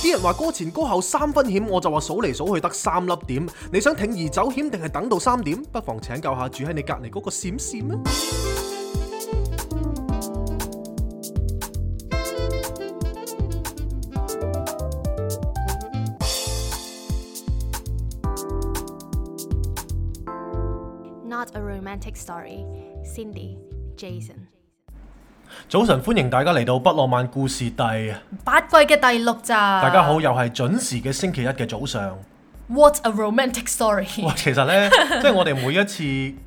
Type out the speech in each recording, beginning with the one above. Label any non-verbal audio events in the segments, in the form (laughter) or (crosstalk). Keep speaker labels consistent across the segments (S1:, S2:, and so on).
S1: 啲人話歌前歌後三分險，我就話數嚟數去得三粒點。你想鋌而走險定係等到三點？不妨請教下住喺你隔籬嗰個閃閃吖。
S2: Not a romantic story. Cindy, Jason.
S1: 早晨，歡迎大家嚟到《不浪漫故事》第
S2: 八季嘅第六集。大家好，
S1: 又係準時嘅星期一嘅早上。
S2: What's a romantic story？哇，其
S1: 實咧，即係我哋每一次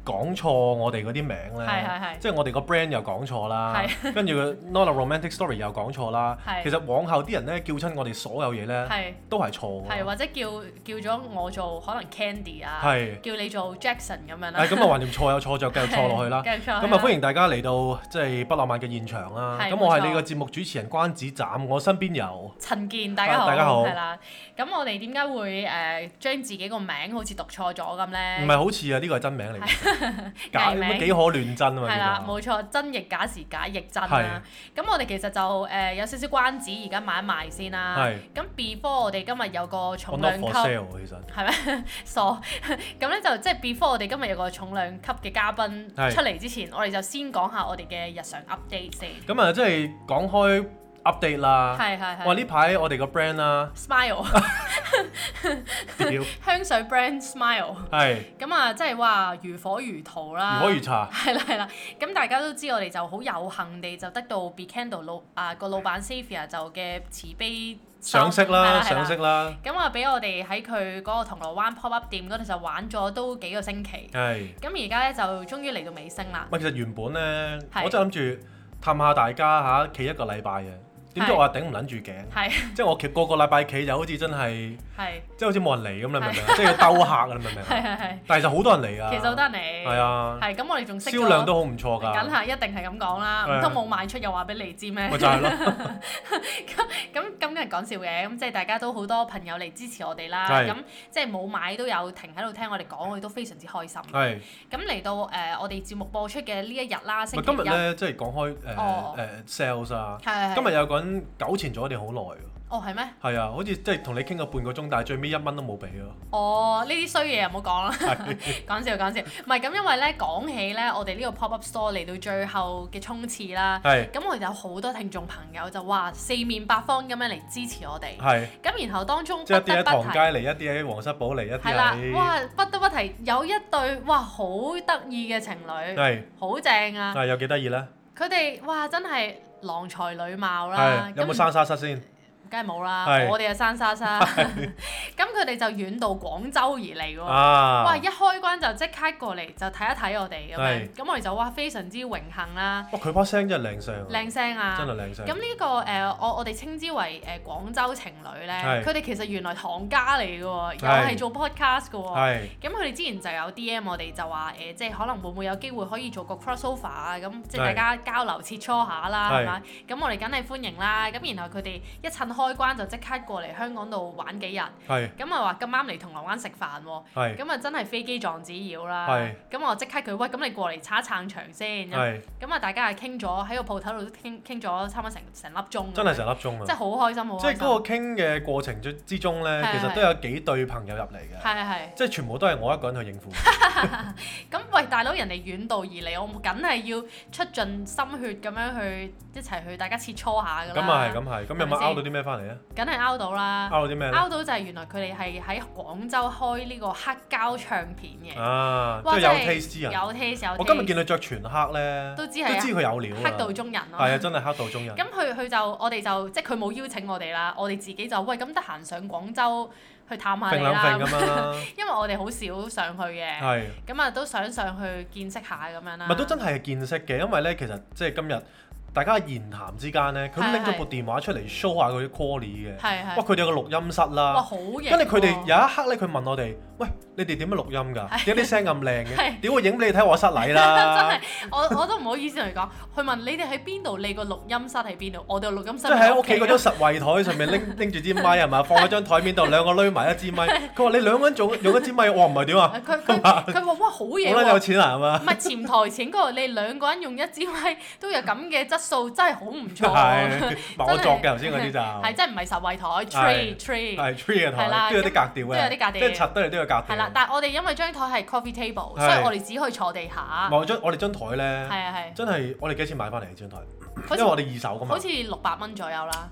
S1: 講錯我哋嗰啲名咧，即係我哋個 brand 又講錯啦，跟住 Not a romantic story 又講錯啦。其實往後啲人咧叫親我哋所有嘢咧，都係錯。係
S2: 或者叫叫咗我做可能 Candy 啊，叫你做 Jackson 咁樣啦。咁啊，橫
S1: 掂錯有錯，再繼續錯落去啦。繼續錯。咁啊，歡迎大家嚟到即係不浪漫嘅現場啦。咁我係你個節目主持人關子斬，我身邊有
S2: 陳健。大家好，大家好。係啦，咁我哋點解會誒？將自己個名好似讀錯咗咁咧，唔係
S1: 好似啊，呢個係真名嚟
S2: 嘅。假名幾可亂
S1: 真啊嘛，係啦，
S2: 冇錯，真亦假時假亦真啦。咁我哋其實就誒有少少關子，而家買一賣先啦。咁 before 我哋今日有個重量級喎，其實係咪傻咁咧就即係 before 我哋今日有個重量級嘅嘉賓出嚟之前，我哋就先講下我哋嘅日常 update 先。咁
S1: 啊，即係講開 update 啦。係係係。哇！呢排我哋個 brand
S2: 啦 Smile 香水 brand Smile，係咁是啊，即係話如火如荼啦。如火如荼。係啦，係啦。咁、嗯、大家都知，我哋就好有幸地就得到 Becandle 啊個老闆 Savia 就嘅慈悲賞識啦，賞識的啦。咁啊，俾、嗯嗯、我哋喺佢嗰個銅鑼灣 pop up 店嗰度就玩咗都幾個星期。係的。咁而家咧就終於嚟到尾聲啦。唔其
S1: 實原本咧，是的 我真諗住探下大家嚇企、啊、一個禮拜嘅。嗯點解我話頂唔擰住頸？係，即係我企個個禮拜企就好似真係，係，即係好似冇人嚟咁，你明唔明？即係要兜客啊，你明唔明？係係係。但係就好多人嚟啊。其實好多
S2: 人嚟。係啊。係，咁我哋仲銷量都
S1: 好唔錯㗎。梗係
S2: 一定係咁講啦，唔通冇賣出又話俾你知咩？咪就係咯。咁咁咁梗係講笑嘅，咁即係大家都好多朋友嚟支持我哋啦。係。咁即係冇買都有停喺度聽我哋講，我哋都非常之開心。係。咁嚟到誒我哋節目播出嘅呢一日啦，星期一。今日咧
S1: 即係講開誒誒 sales 啊，今日有個。久纏咗定好耐喎。哦，係咩？係啊，好似即係同你傾個半個鐘，但係最尾一蚊都冇俾
S2: 咯。哦，呢啲衰嘢又唔好講啦，講笑講， (laughs) 笑。唔係咁，因為咧講起咧，我哋呢個 pop up store 嚟到最後嘅衝刺啦。係是。咁我哋有好多聽眾朋友就哇四面八方咁樣嚟支持我哋。係是。咁然後當中不得不提，即係一啲喺唐街嚟，
S1: 一啲喺皇室堡嚟，一啲喺。係啦。哇，
S2: 不得不提有一對哇好得意嘅情侶。係是。好正啊！但係有幾得意咧？佢哋哇真係～郎才女貌啦，是根有冇生沙沙先？梗係冇啦，我哋啊生沙沙，咁佢哋就遠到廣州而嚟喎，哇！一開關就即刻過嚟，就睇一睇我哋咁樣，咁我哋就哇非常之榮幸啦。哇！
S1: 佢把聲真係靚聲靚聲啊，真係靚聲。
S2: 咁呢個誒我我哋稱之為誒廣州情侶咧，佢哋其實原來行家嚟嘅喎，又係做 podcast 嘅喎。係，咁佢哋之前就有 DM 我哋就話誒即係可能會唔會有機會可以做個 crossover 啊？咁即係大家交流切磋下啦，係咪？咁我哋梗係歡迎啦。咁然後佢哋一趁開關就即刻過嚟香港度玩幾日，咁啊話咁啱嚟銅鑼灣食飯，咁啊真係飛機撞紙鷂啦，咁我即刻佢喂，咁你過嚟撐一撐場先，咁啊大家係傾咗喺個鋪頭度傾傾咗差唔多成成粒鐘，真係成粒鐘，即係好開心喎，即係嗰個
S1: 傾嘅過程之中呢，其實都有幾對朋友入嚟嘅，即係全部都係我一個人去應付。
S2: 咁喂大佬人哋遠道而嚟，我梗係要出盡心血咁樣去一齊去，大家切磋下㗎咁咁係，咁有冇拗到啲咩？梗係拗到啦！拗到啲咩咧？拗到就係原來佢哋係喺廣州開呢個黑膠唱片嘅。啊！哇，是
S1: 有 taste 之人有 taste，有
S2: taste。我今日見佢
S1: 着全黑咧，都知係，都知佢有料，黑道
S2: 中人咯。係啊，啊真係
S1: 黑道中人。咁
S2: 佢佢就我哋就即係佢冇邀請我哋啦，我哋自己就喂咁得閒上廣州去探下你啦。拼兩拼嘛 (laughs) 因為我哋好少上去嘅，咁啊的，都想上去見識下咁樣啦。咪都
S1: 真係見識嘅，因為咧，其實即係今日。大家言談之間咧，佢拎咗部電話出嚟 show 下佢啲 callie 嘅，哇！佢哋有個錄音室啦，哇好
S2: 嘢！跟住佢哋有
S1: 一刻咧，佢問我哋：喂，你哋點樣錄音㗎？點解啲聲咁靚嘅？點會我影俾你睇，我失禮啦！
S2: 真係，我我都唔好意思同你講，佢問你哋喺邊度？你個錄音室喺邊度？我哋個錄音室即係喺屋企嗰張
S1: 實惠台上面拎拎住支咪，係嘛，放喺張台面度，兩個攣埋一支咪。佢話你兩個人用用一支咪，我唔係點啊？佢
S2: 佢佢話：哇，好嘢！我覺得有錢啊，係嘛？唔係前台錢，嗰個你兩個人用一支咪，都有咁嘅質。質真係好唔錯，係，我作嘅頭先嗰啲就係真唔係實惠台，tree tree，係 tree 嘅台，都有啲格調嘅，都有啲格調，即係插
S1: 得嚟都有格調。係啦，
S2: 但係我哋因為張台係 coffee table，所以我哋只可以坐地下。唔
S1: 係我哋張台咧，係啊係，真係我哋幾多錢買翻嚟呢張台？因為我哋二手咁嘛，好似
S2: 六百蚊左右啦。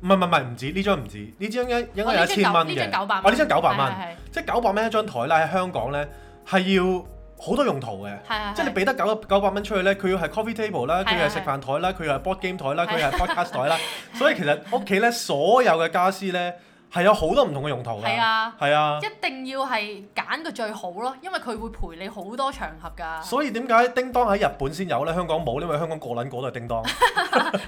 S1: 唔係唔係唔止呢張唔止，呢張一應該有一千蚊嘅，呢張九百，啊呢張九百蚊，即係九百蚊一張台啦。喺香港咧係要。好多用途嘅，是的 即係你俾得九九百蚊出去咧，佢要係 coffee table 啦，佢是的 要係食飯台啦，佢是的 要係 board game 台啦，佢要係 podcast 台啦，是的 所以其實屋企咧所有嘅家俬咧。係有好多唔同嘅用途㗎，係啊，一
S2: 定要係揀佢最好咯，因為佢會陪你好多場合㗎。
S1: 所以點解叮噹喺日本先有咧？香港冇，因為香港個撚個都係叮噹。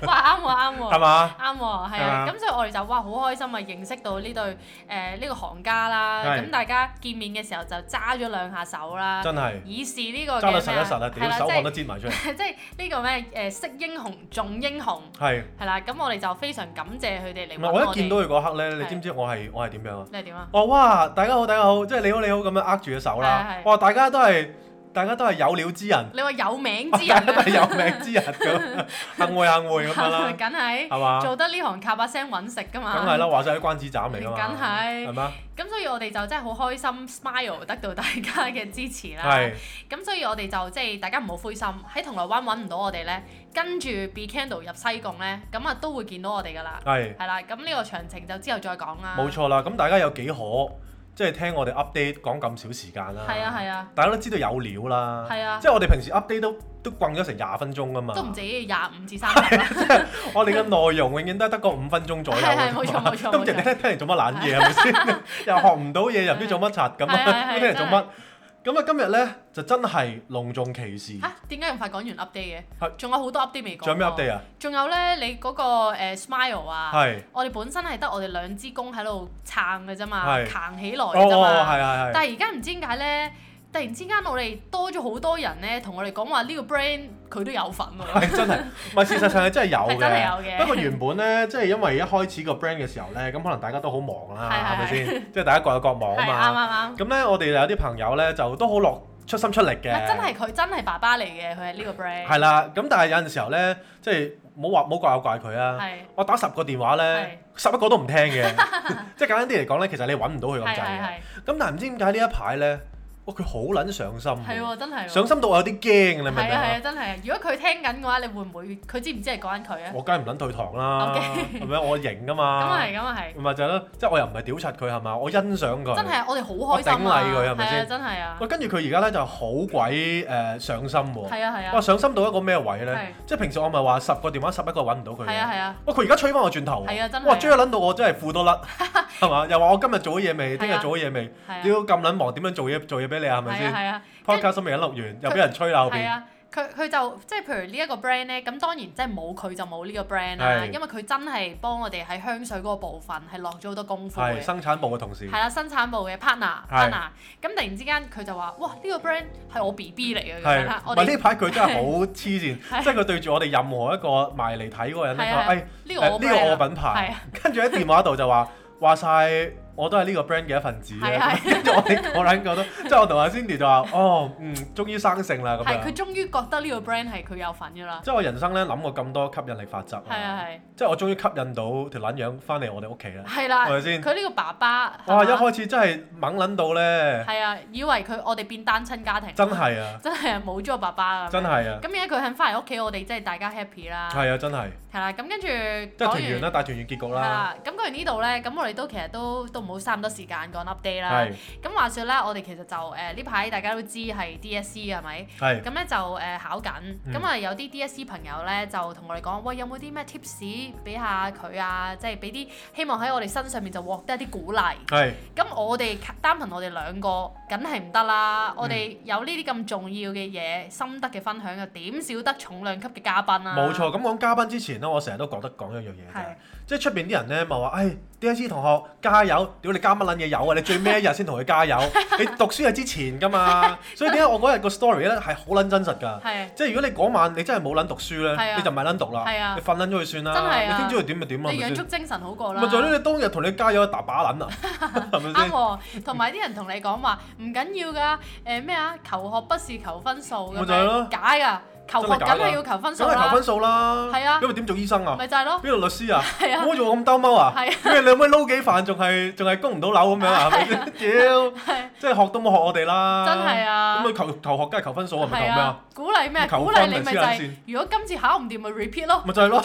S2: 哇，啱喎啱喎。係嘛？啱喎，係啊。咁所以我哋就哇好開心啊，認識到呢對誒呢個行家啦。咁大家見面嘅時候就揸咗兩下手啦。真係。以示呢個嘅咩啊？係埋出嚟？即係呢個咩誒識英雄重英雄。係。係啦，咁我哋就非常感謝佢哋嚟我。一見到
S1: 佢刻咧，你知唔知？我係我係點樣啊？你係點啊？哦，哇，大家好，大家好，即係你好，你好，咁樣握住嘅手啦。哇，大家都係大家都係有料之人。
S2: 你話有名之人，
S1: 大家都係有名之人咁，幸會幸會咁啦。梗
S2: 係係嘛？做得呢行靠把聲揾食噶嘛？梗係啦，
S1: 話晒啲關子斬嚟啊嘛。梗係。係嘛？
S2: 咁所以我哋就真係好開心，smile 得到大家嘅支持啦。係。咁所以我哋就即係大家唔好灰心，喺銅鑼灣揾唔到我哋咧。跟住 Be Candle 入西貢咧，咁啊都會見到我哋噶啦，係，係啦，咁呢個詳情就之後再講啦。冇錯
S1: 啦，咁大家有幾可即係聽我哋 update 講咁少時間啦？係啊
S2: 係啊，
S1: 大家都知道有料啦，係啊，即係我哋平時 update 都都逛咗成廿分鐘噶嘛，都唔
S2: 止廿五至三十，即係
S1: 我哋嘅內容永遠都係得個五分鐘左右，冇錯冇錯。咁成日聽聽嚟做乜懶嘢係咪先？又學唔到嘢，又唔知做乜柒咁啊？咁聽嚟做乜？咁啊，今日咧就真係隆重其事吓，
S2: 點解咁快講完 update 嘅？係，仲有好多 update 未講。仲、哦、有咩 update 啊？仲係有咧，你嗰個 smile 啊，我哋本身係得我哋兩支公喺度撐嘅啫嘛，行起來嘅啫嘛，但係而家唔知點解咧。突然之間，我哋多咗好多人咧，同我哋講話呢個 brand 佢都有份喎。真
S1: 係，唔係，事實上係真係有嘅。係真係有嘅。不過原本咧，即係因為一開始個 brand 嘅時候咧，咁可能大家都好忙啦，係咪先？即係大家各有各忙啊嘛。啱啱啱。咁咧，我哋有啲朋友咧，就都好落出心出力嘅。真係
S2: 佢真係爸爸嚟嘅，佢係呢個 brand。係
S1: 啦，咁但係有陣時候咧，即係冇話冇怪我怪佢啊。我打十個電話咧，十一個都唔聽嘅。即係簡單啲嚟講咧，其實你揾唔到佢咁滯。咁但係唔知點解呢一排咧？佢好撚上心喎，
S2: 真係上心
S1: 到我有啲驚，你明唔明啊？係啊，
S2: 真係啊！如果佢聽緊嘅話，你會唔會佢知唔知係講緊佢啊？我
S1: 梗係唔撚退堂啦，我認㗎嘛。咁啊咁啊係。就係咯，即係我又唔係屌柒佢係嘛？我欣賞佢。真係我
S2: 哋好開心啊！頂禮佢係咪先？真係啊！哇！跟住
S1: 佢而家咧就好鬼誒上心喎。係啊係啊！上心到一個咩位咧？即係平時我咪話十個電話十一個揾唔到佢嘅。係啊係啊！佢而家吹翻我轉頭。係啊，真係哇！追得撚到我真係褲都甩，係嘛？又話我今日做咗嘢未？聽日做咗嘢未？咁撚忙點樣做嘢？做嘢係咪先？係啊，Podcast 咪一錄完，又俾人吹鬧。係啊，
S2: 佢佢就即係譬如呢一個 brand 咧，咁當然即係冇佢就冇呢個 brand 啦。因為佢真係幫我哋喺香水嗰個部分係落咗好多功夫係生
S1: 產部嘅同事。係啦，
S2: 生產部嘅 partner partner。咁突然之間佢就話：哇，呢個 brand 係我 BB 嚟嘅。係，唔係呢排佢真係好
S1: 黐線，即係佢對住我哋任何一個賣嚟睇嗰個人就話：哎，呢個呢個我品牌。係。跟住喺電話度就話話晒。」我都係呢個 brand 嘅一份子，跟住我啲我撚個都，即係我同阿 Cindy 就話，哦，嗯，終於生性啦咁樣。係，佢
S2: 終於覺得呢個 brand 係佢有份噶啦。即
S1: 係我人生咧，諗過咁多吸引力法則。係啊
S2: 係。即
S1: 係我終於吸引到條撚樣翻嚟我哋屋企啦。係啦。係咪先？佢
S2: 呢個爸爸。哇！
S1: 一開始真係猛撚到咧。係
S2: 啊，以為佢我哋變單親家庭。真係啊！真係啊，冇咗個爸爸。啊。真係啊！咁而家佢肯翻嚟屋企，我哋即係大家 happy 啦。係啊，真係。係啦，咁跟住講完啦，
S1: 大團圓結局啦、嗯。係啦，
S2: 咁講完呢度咧，咁我哋都其實都都唔好嘥咁多時間講 update 啦。係。咁話說咧，我哋其實就誒呢排大家都知係 DSE 係咪？係、呃。咁咧就誒考緊，咁啊、嗯、有啲 DSE 朋友咧就同我哋講，喂有冇啲咩 tips 俾下佢啊？即係俾啲希望喺我哋身上面就獲得一啲鼓勵。係是的。咁我哋單憑我哋兩個，梗係唔得啦。嗯、我哋有呢啲咁重要嘅嘢心得嘅分享，又，點少得重量級嘅嘉賓啊？冇錯，
S1: 咁講嘉賓之前。我成日都覺得講一樣嘢嘅，即係出邊啲人咧咪話，哎，DSE 同學加油，屌你加乜撚嘢油啊！你最尾一日先同佢加油，你讀書係之前噶嘛，所以點解我嗰日個 story 咧係好撚真實㗎？即係如果你嗰晚你真係冇撚讀書咧，你就唔係撚讀啦，你瞓撚咗佢算啦，你聽朝佢點咪點啊？你養足
S2: 精神好過啦。咪就係咧，
S1: 當日同你加油一大把撚啊，啱喎，
S2: 同埋啲人同你講話唔緊要㗎，誒咩啊？求學不是求分數咁樣，假㗎。求學梗係要求分數啦，係啊，因為
S1: 點做醫生啊？咪就係咯。邊度律師啊？係啊。冇做我咁兜踎啊？係啊。咁你可唔可以撈幾份？仲係仲係供唔到樓咁樣啊？係咪屌，即係學都冇學我哋啦。真係啊。咁佢求求學梗係求分數啊？係咪求咩啊？
S2: 鼓勵咩？鼓勵你咪就係。如果今次考唔掂咪 repeat 咯。咪就
S1: 係咯。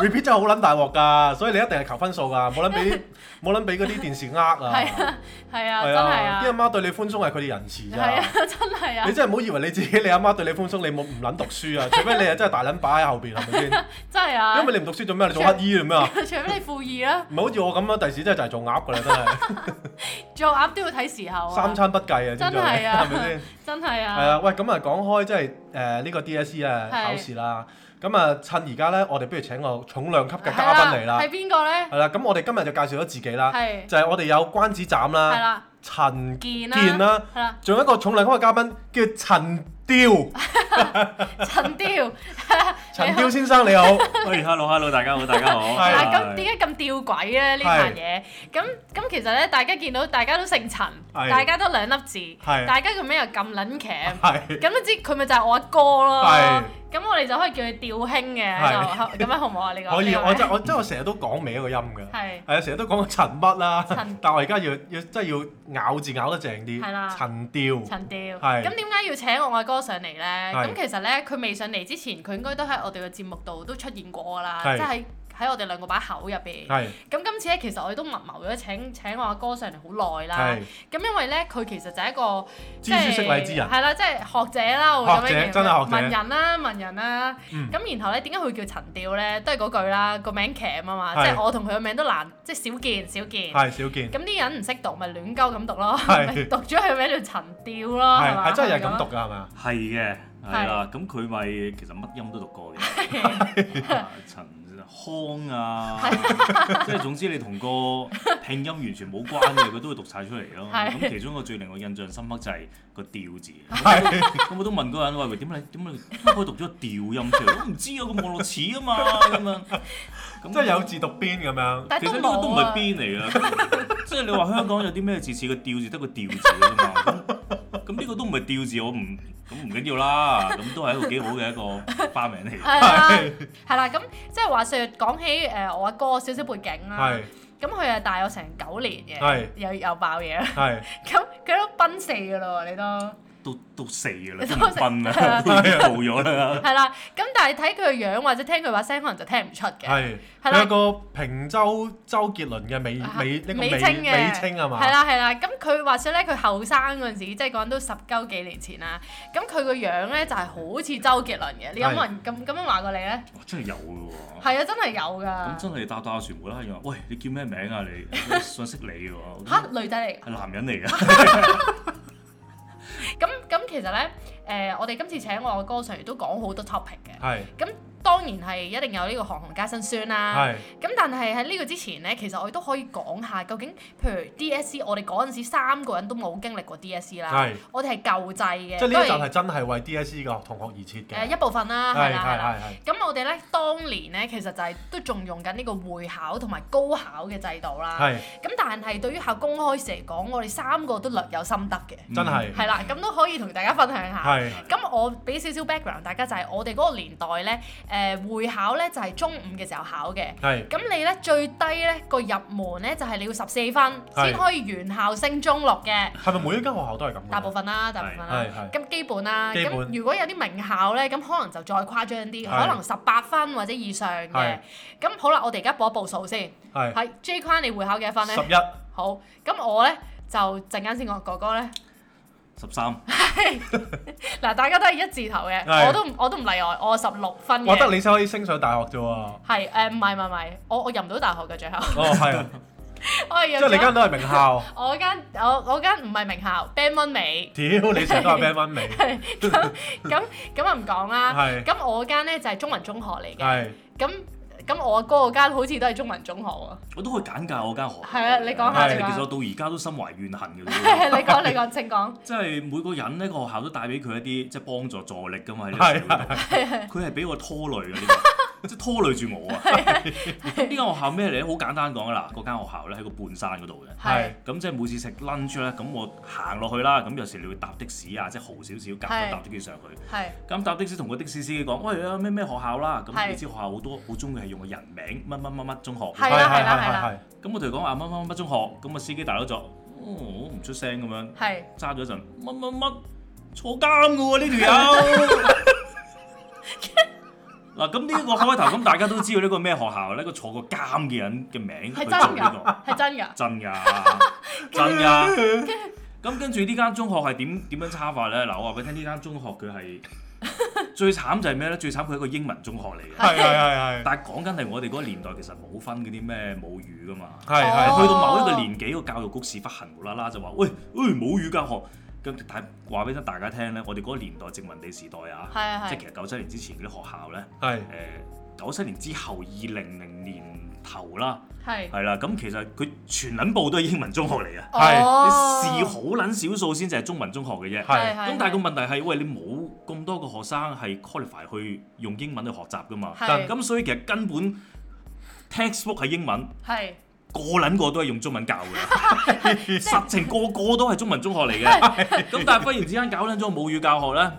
S1: repeat 真係好撚大鑊㗎，所以你一定係求分數㗎，冇撚俾冇撚俾嗰啲電視呃啊。係啊，係啊，真
S2: 係啊。啲阿
S1: 媽對你寬鬆係佢哋仁慈啫。係啊，
S2: 真係啊。你
S1: 真係唔好以為你自己，你阿媽對你寬鬆，你冇唔諗。讀書啊！ (laughs) 除非你係真係大撚擺喺後邊，係咪先？
S2: (laughs) 真係啊！因為
S1: 你唔讀書做咩？你做乞衣啦咩啊？ (laughs)
S2: (laughs) 除非你富二啊！唔係
S1: 好似我咁啦，第時真係就係做鴨㗎啦，真係。
S2: 做鴨都要睇時候啊。 (laughs)
S1: 三餐不計啊，真係，係咪
S2: 先？真係啊。係啊，
S1: (laughs) 喂，咁啊，講開即係誒呢個 DSE 啊考試啦。咁啊，趁而家咧，我哋不如請個重量級嘅嘉賓嚟啦。係
S2: 邊個咧？
S1: 係啦，咁、 (laughs) 嗯、我哋今日就介紹咗自己啦。係、啊、就係我哋有關子斬啦。係啦、啊。陳健啦。係啦。仲、啊、有一個重量級嘅嘉賓叫陳。屌，
S2: 陳雕，陳雕先生 (laughs) 你好，
S1: 哎，hello hello，大家好，大家好。但係咁點
S2: 解咁吊詭啊呢樣嘢？咁咁其實咧，大家見到大家都姓陳，是大家都兩粒字，是大家個名又咁撚騎，咁都是知佢咪就係我阿哥囉。是是是是咁我哋就可以叫佢吊兄嘅，咁樣好唔好啊？呢個可以，我真我
S1: 真我成日都講歪個音嘅，係係啊，成日都講陳乜啦，但我而家要要真係要咬字咬得正啲，陳調，陳調。
S2: 係咁點解要請我外哥上嚟咧？咁其實咧，佢未上嚟之前，佢應該都喺我哋嘅節目度都出現過㗎啦，即係。喺我哋兩個把口入邊，咁今次咧其實我哋都密謀咗請請我阿哥上嚟好耐啦。咁因為咧佢其實就係一個
S1: 知書識禮之人，係
S2: 啦，即係學者啦，學者真係學者，文人啦，文人啦。咁然後咧，點解佢叫陳調咧？都係嗰句啦，個名 Cam 啊嘛，即係我同佢嘅名都難，即係少見少見。係少見。咁啲人唔識讀，咪亂鳩咁讀咯，咪讀咗佢個名叫陳調咯。係係真係係咁讀㗎係
S3: 嘛？係嘅，係啦。咁佢咪其實乜音都讀過嘅。陳腔啊， (laughs) 即係總之你同個拼音完全冇關嘅，佢都會讀晒出嚟咯。咁 (laughs) 其中一個最令我印象深刻就係個吊字，咁我都問過人喂，點解點解佢讀咗個吊音出嚟？ (laughs) 我唔知啊，個網絡詞啊嘛咁樣。咁、嗯、即係有字讀邊咁樣。但啊、其實呢個都唔係邊嚟啊！即係 (laughs) 你話香港有啲咩字似個吊字，得個吊字啊嘛。咁呢 (laughs) 個都唔係吊字，我唔，咁唔緊要啦。咁都係一個幾好嘅一個花名嚟。係
S2: 啦是，係啦、啊。咁即係話説講起誒我阿哥少少背景啦。咁佢啊大我成九年嘅，又是又爆嘢啦。咁佢是 (laughs) 都奔四㗎啦喎，你都。
S1: 都都死嘅啦，結婚啦，都冇咗啦。係
S2: 啦，咁但係睇佢個樣或者聽佢話聲，可能就聽唔出嘅。係係啦，一個
S1: 平洲周杰倫嘅美美呢個美美稱吖嘛？係啦
S2: 係啦，咁佢話說咧，佢後生嗰陣時，即係講到十鳩幾年前啦。咁佢個樣咧就係好似周杰倫嘅。你有冇人咁咁樣話過你咧？
S3: 哇！真係有㗎喎。
S2: 係啊，真係有㗎。咁
S3: 真係打打傳媒啦。喂，你叫咩名啊？你想識你嘅喎？嚇，女仔嚟嘅。係男人嚟㗎。
S2: 其實咧，誒、呃，我哋今次請我嘅哥哥，亦都講好多 topic 嘅，咁。當然係一定有呢個寒寒加辛酸啦。係。咁但係喺呢個之前咧，其實我哋都可以講下究竟，譬如 DSE，我哋嗰陣時三個人都冇經歷過 DSE 啦。係。我哋係舊制嘅。即係呢個就係
S1: 真係為 DSE 嘅同學而設嘅。誒一
S2: 部分啦。係係係。咁我哋咧當年咧，其實就係都仲用緊呢個會考同埋高考嘅制度啦。係。咁但係對於考公開試嚟講，我哋三個都略有心得嘅。真係。係啦，咁都可以同大家分享下。係。咁我俾少少 background 大家就係我哋嗰個年代咧。誒、呃、會考咧就係、是、中五嘅時候考嘅，咁是你咧最低咧個入門咧就係、是、你要十四分先是可以原校升中六嘅，係
S1: 咪每一間學校都係咁？大
S2: 部分啦，大部分啦，咁基本啦、啊，咁本如果有啲名校咧，咁可能就再誇張啲，是可能十八分或者以上嘅，咁是好啦，我哋而家補一補數先，係是 J 昆你會考幾多分咧？十一，好，咁我咧就陣間先講哥哥咧。十三，嗱，13 (laughs) 大家都係一字頭嘅是，我都我都唔例外，我十六分，我覺得你先可
S1: 以升上大學啫
S2: 喎。係，誒、呃，唔係唔係，我我入唔到大學嘅最後。哦，係啊。 (laughs) 我了即係你間都係名校。 (laughs) 我間我我間唔係名校 Band 1尾。屌、哎，你都係 Band 1尾。係。 (laughs) (laughs) 咁咁咁又唔講啦。係。咁是我間咧就係中文中學嚟嘅。係是。咁。咁我阿哥嗰間好似都係中文中學喎，
S3: 我都會揀教我間學校。係啊，你講下。啊、其實我到而家都心懷怨恨嘅、啊。
S2: 你講，你講，請講。
S3: 即係每個人呢個學校都帶俾佢一啲即係幫助助力㗎嘛。係啊，係佢係俾我拖累㗎。即拖累住我啊！呢 (laughs) 間學校咩嚟咧？好簡單講啊啦，嗰間學校咧喺個半山嗰度嘅。係，咁即係每次食 lunch 咧，咁我行落去啦。咁有時你會搭的士啊，即係豪少少夾個搭的士上去。係。咁搭的士同個的士司機講：喂、欸，咩咩學校啦、啊？咁你知學校好多好中意係用個人名乜乜乜乜中學。係啦，係啦，咁我同佢講話乜乜乜乜中學，咁個司機大佬就，唔出聲咁樣。係。揸咗一陣，乜乜乜坐監我喎呢條友。嗱咁呢個開開頭咁，大家都知道呢個咩學校？呢個坐過監嘅人嘅名係真㗎，係、
S2: 這個、
S3: 真㗎，真㗎呀， (laughs) 真㗎呀。咁跟住呢間中學係點點樣差法咧？嗱，我話俾你聽，呢間中學佢係最慘就係咩咧？最慘佢係一個英文中學嚟嘅。係係係但係講緊係我哋嗰個年代，其實冇分嗰啲咩母語㗎嘛。係係。 (laughs) (laughs) 去到某一個年紀，個教育局屎忽行無啦啦就話：喂，誒母語教學。學咁但係話俾大家聽咧，我哋嗰個年代殖民地時代啊，是的 即係其實九七年之前嗰啲學校咧，誒九七年之後二零零年頭啦，係啦是的，咁其實佢全撚部都係英文中學嚟嘅，你試好撚少數先就係中文中學嘅啫，咁是的 但係個問題係，喂，你冇咁多個學生係 qualify 去用英文去學習噶嘛，咁是的 所以其實根本 textbook 係英文。
S2: 是的 個
S3: 撚個都係用中文教嘅， (laughs) 實情 (laughs) 個個都係中文中學嚟嘅，咁 (laughs) 但係忽然之間搞撚咗母語教學咧。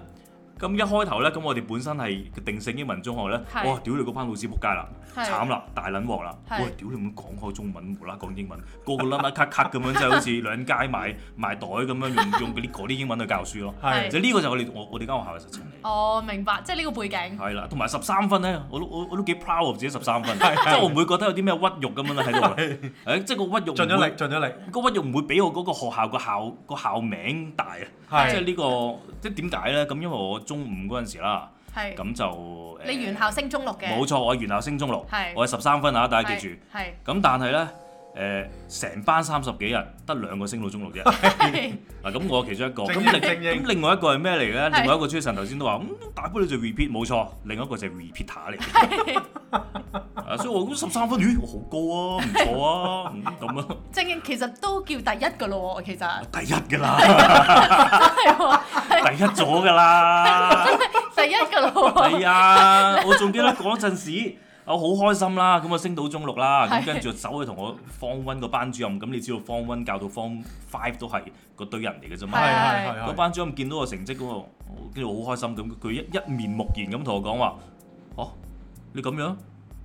S3: 咁一開頭咧，咁我哋本身係定性英文中學咧，哇！屌你嗰班老師仆街啦，慘啦，大撚鑊啦，喂！屌你唔講開中文，無啦講英文，個個甩甩咔咔咁樣，即係好似兩街賣賣袋咁樣，用用嗰啲啲英文去教書咯。係，即呢個就我哋我我哋間學校嘅實情。
S2: 哦，明白，即係呢個背景。
S3: 係啦，同埋十三分咧，我都我我都幾 proud 自己十三分，即係我唔會覺得有啲咩屈辱咁樣啦喺度，即係個屈辱。盡咗力，盡咗力。個屈辱唔會俾我嗰個學校個校個校名大啊，即係呢個即係點解咧？咁因為我。中五嗰陣時啦，咁係就
S2: 你原校升中六嘅，冇錯，
S3: 我原校升中六，係我係十三分啊！大家記住，咁但係咧。誒，成、呃、班三十幾人，得兩個升到中六啫。
S2: 嗱
S3: 是的、啊，咁、嗯、我其中一個，咁另外一個係咩嚟咧？另外一個朱先生頭先都話，咁大不了就 repeat 冇錯，另外一個就 repeater 嚟
S2: 是的、啊。所以我
S3: 咁十三分，咦，好高啊，唔錯啊，咁啊是的、嗯。
S2: 正英其實都叫第一噶咯喎，其實。第一㗎啦。 (laughs) 說第一咗
S3: 㗎啦。
S2: (laughs) 第一㗎咯喎。係啊， (laughs) (laughs) 我
S3: 仲記得嗰陣時。我好開心啦，咁啊升到中六啦，咁是跟住走去同我 Form One 個班主任，咁你知道 Form One 教到 Form Five 都係個堆人嚟嘅啫嘛，個是班主任見到個成績，跟住我好開心，咁佢一一面木然咁同我講話，哦、啊，你咁樣，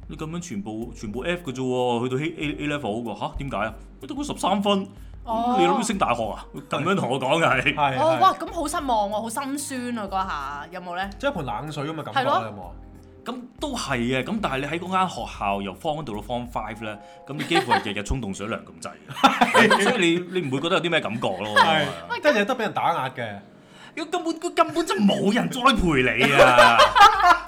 S3: 你咁樣全部全部 F 嘅啫喎，去到 A A, A level 嗰個嚇點解啊，得嗰十三分，
S2: 哦、你諗升
S3: 大學啊？咁是樣同我講嘅係，是是是哦
S2: 哇，咁好失望喎，好心酸啊嗰下，有冇咧？即係一盆
S3: 冷水咁嘅感覺，的有冇咁都係嘅，咁但係你喺嗰間學校由 form one 到 form five 咧，咁你幾乎係日日衝凍水涼咁滯，所以 (laughs) (laughs) 你你唔會覺得有啲咩感覺咯。
S1: 跟住都俾人打壓嘅，如果根本佢根本就冇
S3: 人栽培你啊！ (laughs)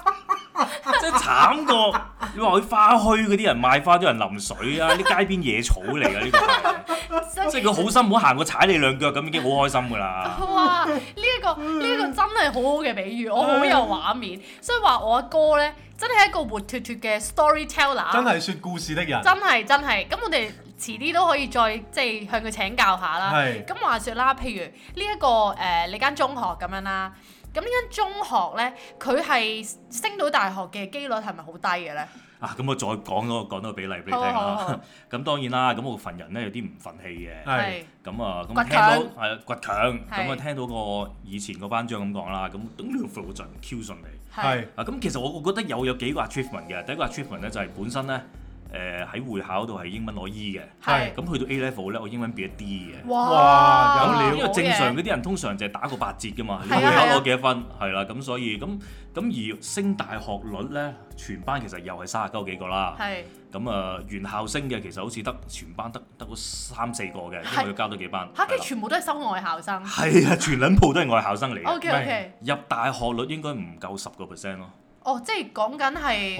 S3: 即係慘過，你話佢花墟嗰啲人賣花，啲人淋水啊，啲街邊野草嚟啊，呢
S2: (laughs) 這個即係佢好心，
S3: 唔好行過踩你兩腳，咁已經好開心噶啦。
S2: 哇！呢、這、一個呢一、這個真係好好嘅比喻，我好有畫面， (laughs) 所以話我阿哥咧真係一個活脫脫嘅 storyteller，真係
S1: 說故事的人，真係
S2: 真係。咁我哋遲啲都可以再即係、就是、向佢請教下啦。係是。咁話說啦，譬如呢、這、一個誒、呃、你間中學咁樣啦。咁呢間中學咧，佢係升到大學嘅機率係咪好低嘅咧？
S3: 啊，咁我再講嗰個講嗰個比例俾你聽嚇。咁 (laughs) 當然啦，咁我份人咧有啲唔憤氣嘅。係是。咁強啊，咁是聽到係倔強，咁啊聽到個以前個班長咁講啦，咁都好順 Q 順利。係是。啊是，咁其實我我覺得有有幾個 achievement 嘅，第一個 achievement 咧就係本身咧。嗯誒喺會考度係英文攞 E 嘅，係咁去到 A level 咧，我英文變咗 D 嘅。哇，有料！因為正常嗰啲人通常就係打個八折噶嘛，會考攞幾多分？係啦，咁所以咁咁而升大學率咧，全班其實又係三十幾個啦。係咁啊，原校升嘅其實好似得全班得得三四個嘅，因為要交多幾班。嚇！
S2: 佢全部都係收外校生。係啊，
S3: 全兩鋪都係外校生嚟。OK OK。入大學率應該唔夠十個 percent 咯。
S2: 哦，即係講緊係，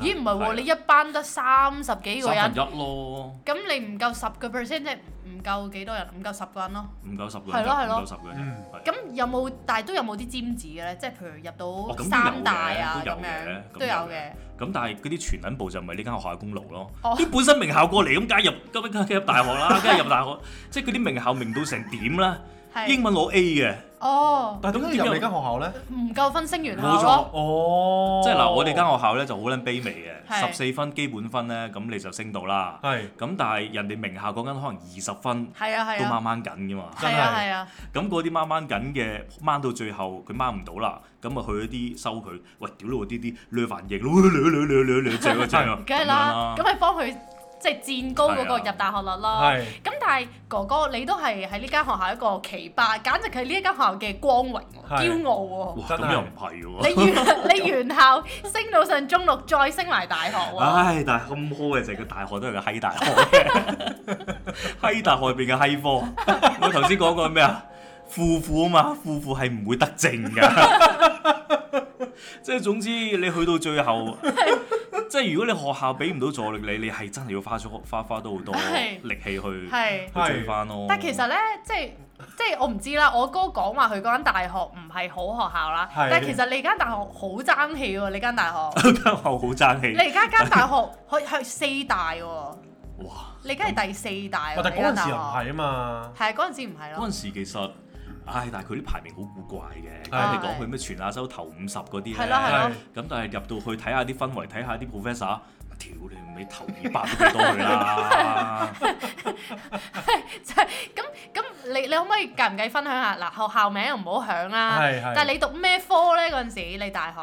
S1: 咦唔係喎，你一
S2: 班得三十幾個人，三分
S1: 一咯，
S2: 咁你唔夠十個 percent，即係唔夠幾多人，唔夠十個人咯，唔
S1: 夠十個人，係咯係咯，唔夠十
S2: 個人。咁有冇？但係都有冇啲尖子嘅咧？即係譬如入到三大啊咁樣，都有嘅。
S3: 咁但係嗰啲全揾部就唔係呢間學校嘅功勞咯。啲本身名校過嚟咁加入，梗係梗係入大學啦，梗係入大學，即係嗰啲名校名到成點啦。英文攞 A 嘅，
S2: 哦，但係點解要入你間
S1: 學校
S3: 咧？
S2: 唔夠分升完校，冇錯，哦，即係嗱，我哋
S3: 間學校咧就好撚卑微嘅，十四是分基本分咧，咁你就升到啦，係是，咁但係人哋名校嗰間可能二十分慢慢，係啊係，都掹掹緊㗎嘛，真係係啊，咁嗰啲掹掹緊嘅掹到最後佢掹唔到啦，咁啊去啲收佢，喂，屌到個啲啲，亂繁型，亂亂亂亂亂亂亂，正啊正啊，梗係啦是，咁咪、嗯、
S2: 然幫佢。即係佔高嗰個入大學率啦，咁對但係哥哥你都係喺呢間學校一個奇葩，簡直係呢一間學校嘅光榮、對驕傲喎、啊。哇，咁又唔係喎。你原 (laughs) 你原校升到上中六，再升埋大，、啊哎就是、大，大
S3: 學。唉，但係咁好嘅就係個大學都係個閪大學，閪大學入邊嘅閪科。我頭先講過係咩啊？負負啊嘛，負負係唔會得正㗎。 (laughs) 即係總之，你去到最後， (laughs) 即係如果你學校俾唔到助力你，你係真係要花咗花花都好多力氣去， (laughs) 是去追翻咯。但其實
S2: 咧，即係即係我唔知啦。我哥講話佢嗰間大學唔係好學校啦，是但係其實你間大學好爭氣喎、啊，你間大學
S3: 間 (laughs) (laughs) 學好爭氣、啊。 (laughs) 你而家間大學
S2: 去以四大喎、啊。
S3: 哇！
S2: 你而家係第四大喎、啊，嗰陣時唔
S3: 係啊嘛。
S2: 係嗰陣時唔係咯。嗰陣
S3: 時其實。唉，但係佢啲排名好古怪嘅，講佢咩全亞洲頭五十嗰啲咧，咁的但係入到去睇下啲氛圍，睇下啲 professor，屌你，唔係頭五百都幾多㗎啦。即
S2: 係咁咁，你你可唔可以計唔計分享下嗱？學校名又唔好響啦，係咯係咯，但係你讀咩科咧嗰陣時，你大學？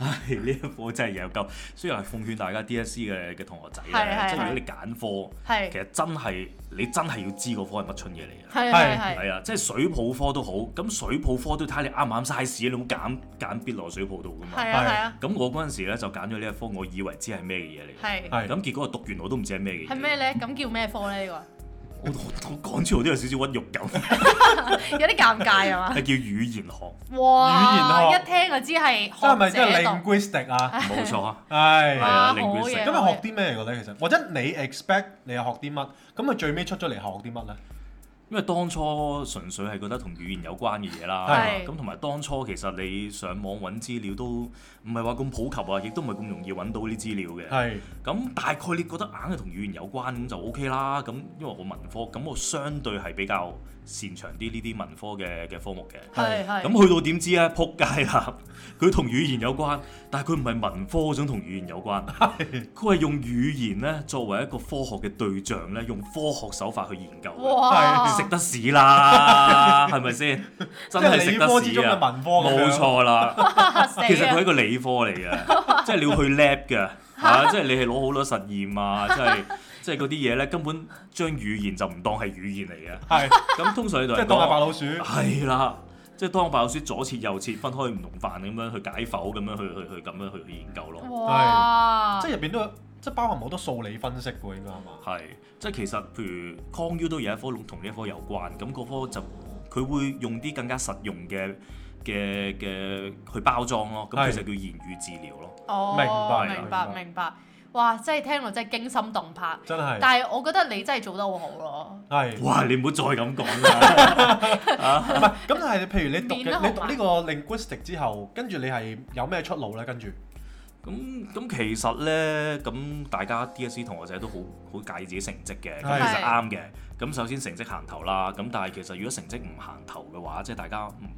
S3: 唉，呢 (laughs) 一科真係有夠，雖然係奉勸大家 DSE 嘅嘅同學仔是是是即係如果你揀科，是是 其實真係你真係要知個科係乜春嘢嚟嘅。係係係啊，即係水普科都好，咁水泡科都睇你啱唔啱 size 你冇揀揀必落水泡度㗎嘛。係啊。咁我嗰陣時咧就揀咗呢一科，我以為知係咩嘢嚟。係係。咁結果我讀完我都唔知係咩嘢。係
S2: 咩咧？咁叫咩科咧？呢個？
S3: 我我講出嚟都有少少屈辱感，
S2: (laughs) 有啲尷尬係嘛？係
S3: (laughs) 叫語言學，
S2: 哇嘩！語言學一聽就知係，即係咪即係
S1: linguistic 啊？冇
S2: (laughs) 錯、
S3: 啊，
S1: 係、 (laughs) 哎、啊，啊 (laughs) ，linguistic。咁啊，學啲咩嘅咧？其實或者你 expect 你係學啲乜？咁佢最尾出咗嚟學啲乜咧？因為當初純粹係覺得同語言有關嘅嘢啦，咁同
S3: 埋當初其實你上網揾資料都唔係話咁普及啊，亦都唔係咁容易揾到啲資料嘅。咁是大概你覺得硬係同語言有關，咁就 OK 啦。咁因為我文科，咁我相對係比較擅長啲呢啲文科嘅嘅科目嘅。咁是去到點知呢、啊？撲街啦！佢同語言有關，但係佢唔係文科嗰種同語言有關，佢係是用語言呢作為一個科學嘅對象呢，用科學手法去研究。是是食得屎啦，係咪先？ (laughs) 真係食得屎 (laughs) 啊！冇錯啦，
S2: 其實佢係一個理
S3: 科嚟嘅，即係 (laughs) 你要去 lab 嘅，嚇麼，即係、啊就是、你係攞好多實驗啊，即係即係嗰啲嘢咧，就是、根本將語言就唔當係語言嚟嘅。係咁，通常呢度係當白老鼠。係啦，即、就、係、是、當白老鼠左切右切，分開唔同範咁樣去解剖，咁樣去去去咁樣去，去，去研究咯。哇！即係入邊都～有。即係包含好多數理分析喎，應該係嘛？係，即係其實譬如港大都有一科同呢一科有關，咁嗰科就佢會用啲更加實用嘅嘅嘅去包裝咯。咁是其實叫言語治療咯。哦，oh, 明白明白明
S2: 白。哇，即係聽落真係驚心動魄，真係。但係我覺得你真係做得好好咯。
S3: 係是。哇，你唔好再咁講啦。唔
S1: 係，咁但係譬如你讀你讀呢個 linguistic 之後，跟住你係有咩出路咧？跟住。咁咁
S3: 其實呢，咁大家 DSE 同學仔都好好介意自己成績嘅，咁是的 其實啱嘅。咁首先成績行頭啦，咁但係其實如果成績唔行頭嘅話，即係大家，嗯